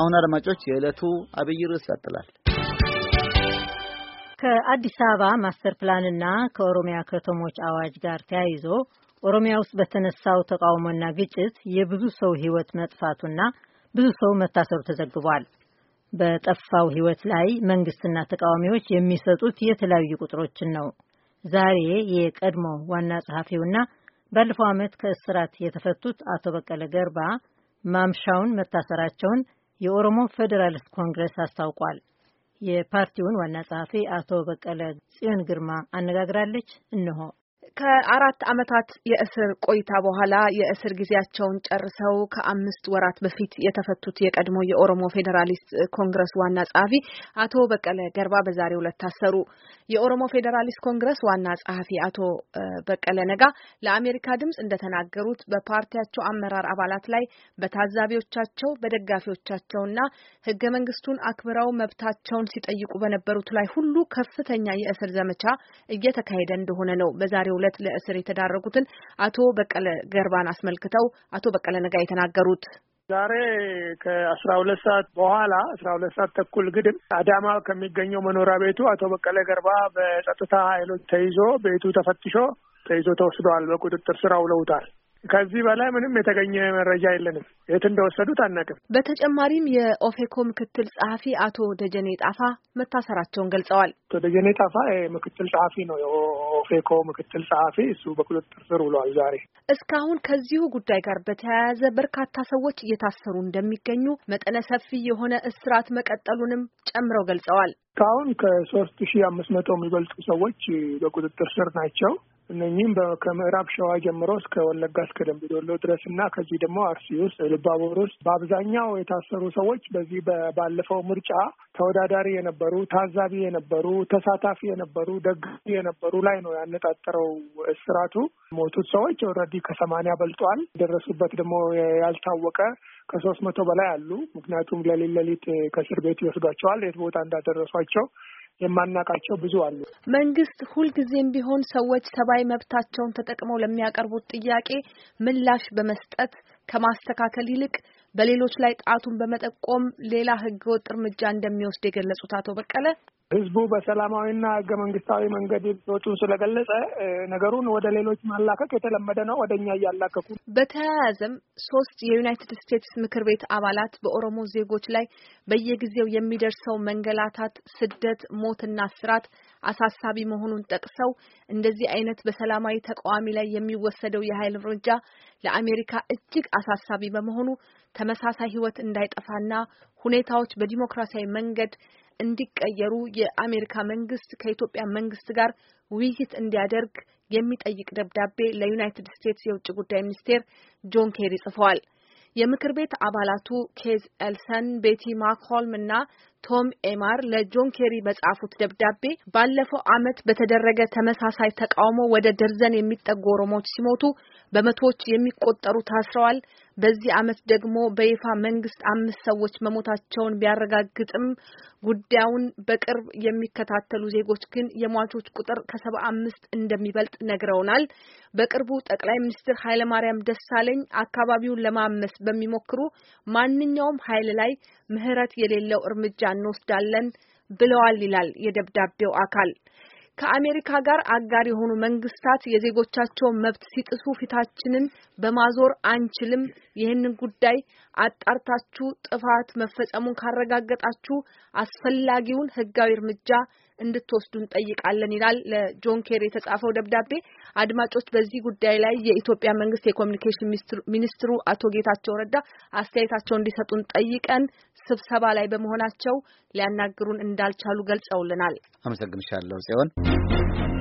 አሁን አድማጮች የዕለቱ አብይ ርዕስ ያጥላል። ከአዲስ አበባ ማስተር ፕላንና ከኦሮሚያ ከተሞች አዋጅ ጋር ተያይዞ ኦሮሚያ ውስጥ በተነሳው ተቃውሞና ግጭት የብዙ ሰው ሕይወት መጥፋቱና ብዙ ሰው መታሰሩ ተዘግቧል። በጠፋው ሕይወት ላይ መንግስትና ተቃዋሚዎች የሚሰጡት የተለያዩ ቁጥሮችን ነው። ዛሬ የቀድሞ ዋና ጸሐፊውና ባለፈው ዓመት ከእስራት የተፈቱት አቶ በቀለ ገርባ ማምሻውን መታሰራቸውን የኦሮሞ ፌዴራሊስት ኮንግረስ አስታውቋል። የፓርቲውን ዋና ጸሐፊ አቶ በቀለ ጽዮን ግርማ አነጋግራለች። እነሆ ከአራት ዓመታት የእስር ቆይታ በኋላ የእስር ጊዜያቸውን ጨርሰው ከአምስት ወራት በፊት የተፈቱት የቀድሞ የኦሮሞ ፌዴራሊስት ኮንግረስ ዋና ጸሐፊ አቶ በቀለ ገርባ በዛሬው ዕለት ታሰሩ። የኦሮሞ ፌዴራሊስት ኮንግረስ ዋና ጸሐፊ አቶ በቀለ ነጋ ለአሜሪካ ድምፅ እንደተናገሩት በፓርቲያቸው አመራር አባላት ላይ በታዛቢዎቻቸው፣ በደጋፊዎቻቸውና ህገ መንግስቱን አክብረው መብታቸውን ሲጠይቁ በነበሩት ላይ ሁሉ ከፍተኛ የእስር ዘመቻ እየተካሄደ እንደሆነ ነው በዛሬው ዕለት ለእስር የተዳረጉትን አቶ በቀለ ገርባን አስመልክተው አቶ በቀለ ነጋ የተናገሩት ዛሬ ከአስራ ሁለት ሰዓት በኋላ አስራ ሁለት ሰዓት ተኩል ግድም አዳማ ከሚገኘው መኖሪያ ቤቱ አቶ በቀለ ገርባ በጸጥታ ኃይሎች ተይዞ ቤቱ ተፈትሾ ተይዞ ተወስደዋል። በቁጥጥር ስር አውለውታል። ከዚህ በላይ ምንም የተገኘ መረጃ የለንም። የት እንደወሰዱት አናቅም። በተጨማሪም የኦፌኮ ምክትል ጸሐፊ አቶ ደጀኔ ጣፋ መታሰራቸውን ገልጸዋል። አቶ ደጀኔ ጣፋ ምክትል ጸሐፊ ነው፣ የኦፌኮ ምክትል ጸሐፊ። እሱ በቁጥጥር ስር ውሏል። ዛሬ እስካሁን ከዚሁ ጉዳይ ጋር በተያያዘ በርካታ ሰዎች እየታሰሩ እንደሚገኙ መጠነ ሰፊ የሆነ እስራት መቀጠሉንም ጨምረው ገልጸዋል። እስካሁን ከሶስት ሺህ አምስት መቶ የሚበልጡ ሰዎች በቁጥጥር ስር ናቸው። እነኚህም ከምዕራብ ሸዋ ጀምሮ እስከ ወለጋ እስከ ደምቢዶሎ ድረስ እና ከዚህ ደግሞ አርሲ ውስጥ ልባቦር ውስጥ በአብዛኛው የታሰሩ ሰዎች በዚህ ባለፈው ምርጫ ተወዳዳሪ የነበሩ ታዛቢ የነበሩ ተሳታፊ የነበሩ ደጋፊ የነበሩ ላይ ነው ያነጣጠረው እስራቱ። ሞቱት ሰዎች ኦልሬዲ ከሰማንያ በልጧል። ደረሱበት ደግሞ ያልታወቀ ከሶስት መቶ በላይ አሉ። ምክንያቱም ለሊት ለሊት ከእስር ቤት ይወስዷቸዋል የት ቦታ እንዳደረሷቸው የማናቃቸው ብዙ አሉ። መንግስት ሁልጊዜም ቢሆን ሰዎች ሰብአዊ መብታቸውን ተጠቅመው ለሚያቀርቡት ጥያቄ ምላሽ በመስጠት ከማስተካከል ይልቅ በሌሎች ላይ ጣቱን በመጠቆም ሌላ ህገወጥ እርምጃ እንደሚወስድ የገለጹት አቶ በቀለ ህዝቡ በሰላማዊና ህገ መንግስታዊ መንገድ ብሶቱን ስለገለጸ ነገሩን ወደ ሌሎች ማላከክ የተለመደ ነው። ወደ እኛ እያላከኩ። በተያያዘም ሶስት የዩናይትድ ስቴትስ ምክር ቤት አባላት በኦሮሞ ዜጎች ላይ በየጊዜው የሚደርሰው መንገላታት፣ ስደት፣ ሞትና ስራት አሳሳቢ መሆኑን ጠቅሰው እንደዚህ አይነት በሰላማዊ ተቃዋሚ ላይ የሚወሰደው የኃይል እርምጃ ለአሜሪካ እጅግ አሳሳቢ በመሆኑ ተመሳሳይ ህይወት እንዳይጠፋና ሁኔታዎች በዲሞክራሲያዊ መንገድ እንዲቀየሩ የአሜሪካ መንግስት ከኢትዮጵያ መንግስት ጋር ውይይት እንዲያደርግ የሚጠይቅ ደብዳቤ ለዩናይትድ ስቴትስ የውጭ ጉዳይ ሚኒስቴር ጆን ኬሪ ጽፈዋል። የምክር ቤት አባላቱ ኬዝ ኤልሰን፣ ቤቲ ማክሆልም እና ቶም ኤማር ለጆን ኬሪ በጻፉት ደብዳቤ ባለፈው ዓመት በተደረገ ተመሳሳይ ተቃውሞ ወደ ደርዘን የሚጠጉ ኦሮሞዎች ሲሞቱ በመቶዎች የሚቆጠሩ ታስረዋል። በዚህ ዓመት ደግሞ በይፋ መንግስት አምስት ሰዎች መሞታቸውን ቢያረጋግጥም ጉዳዩን በቅርብ የሚከታተሉ ዜጎች ግን የሟቾች ቁጥር ከሰባ አምስት እንደሚበልጥ ነግረውናል። በቅርቡ ጠቅላይ ሚኒስትር ኃይለማርያም ደሳለኝ አካባቢውን ለማመስ በሚሞክሩ ማንኛውም ኃይል ላይ ምህረት የሌለው እርምጃ እንወስዳለን ብለዋል ይላል የደብዳቤው አካል። ከአሜሪካ ጋር አጋር የሆኑ መንግስታት የዜጎቻቸውን መብት ሲጥሱ ፊታችንን በማዞር አንችልም። ይህንን ጉዳይ አጣርታችሁ ጥፋት መፈጸሙን ካረጋገጣችሁ አስፈላጊውን ሕጋዊ እርምጃ እንድትወስዱ እንጠይቃለን ይላል ለጆን ኬሪ የተጻፈው ደብዳቤ። አድማጮች በዚህ ጉዳይ ላይ የኢትዮጵያ መንግስት የኮሚኒኬሽን ሚኒስትሩ አቶ ጌታቸው ረዳ አስተያየታቸው እንዲሰጡን ጠይቀን ስብሰባ ላይ በመሆናቸው ሊያናግሩን እንዳልቻሉ ገልጸውልናል። አመሰግንሻለሁ ጽዮን።